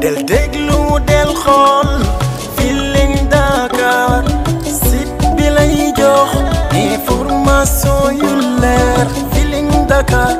del déglu del xool Feeling Dakar site bi lay jox ma yu leer Feeling Dakar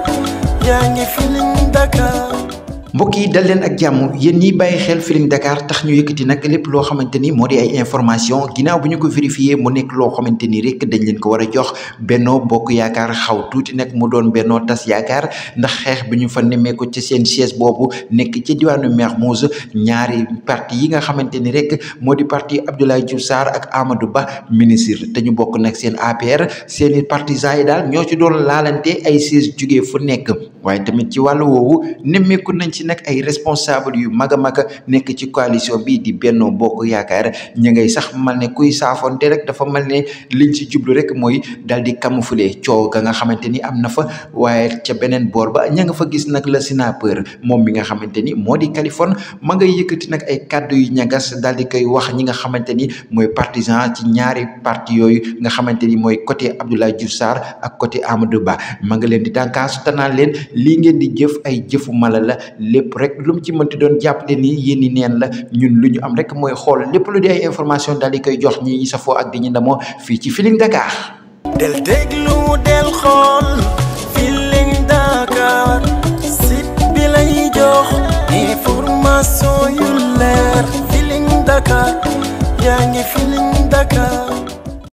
yaa ngi Feeling Dakar mbokk yi dal leen ak jàmm yéen ñiy bàyyi xel Feeling Dakar tax ñu yëkkati nag lépp loo xamante ni moo di ay information ginnaaw bu ñu ko vérifié mu nekk loo xamante ni rek dañ leen ko war a jox Benno Bokk Yaakaar xaw tuuti nag mu doon Benno Tas Yaakaar ndax xeex bi ñu fa nemmeeku ci seen siège boobu nekk ci diwaanu Mermoz ñaari parti yi nga xamante ni rek moo di parti Abdoulaye Diouf saar ak Amadou Ba ministre te ñu bokk nag seen APR seen i partisans yi daal ñoo ci doon laalante ay siège jugee fu nekk waaye tamit ci wàllu woowu nemmeeku nañ ci nag ay responsable yu mag a mag nekk ci coalition bii di Benno Bokk Yaakaar ñu ngay sax mal ne kuy saafonte derek dafa mal ne liñ ci jublu rek mooy daal di camoufler coow ga nga xamante ni am na fa waaye ca beneen boor ba ña nga fa gis nag la sénateur moom mi nga xamante ni moo di Californie ma ngay yëkkati nag ay kàddu yu ñagas daal di koy wax ñi nga xamante ni mooy partisan ci ñaari parti yooyu nga xamante ni mooy côté Abdoulaye Diouf Sarr ak côté Amadou Ba ma nga leen di dànkaasu tanaan leen lii ngeen di jëf ay jëfu mala la lépp rek lu mu ci mënti doon jàpp ne nii yéen i neen la ñun lu ñu am rekk mooy xool lépp lu di ay information daal di koy jox ñi safoo ak di ñu ndamoo fii ci Feeling Dakar del déglu del xool Feeling Dakar site bi lay jox information yu leer Feeling Dakar yaa ngi Feeling Dakar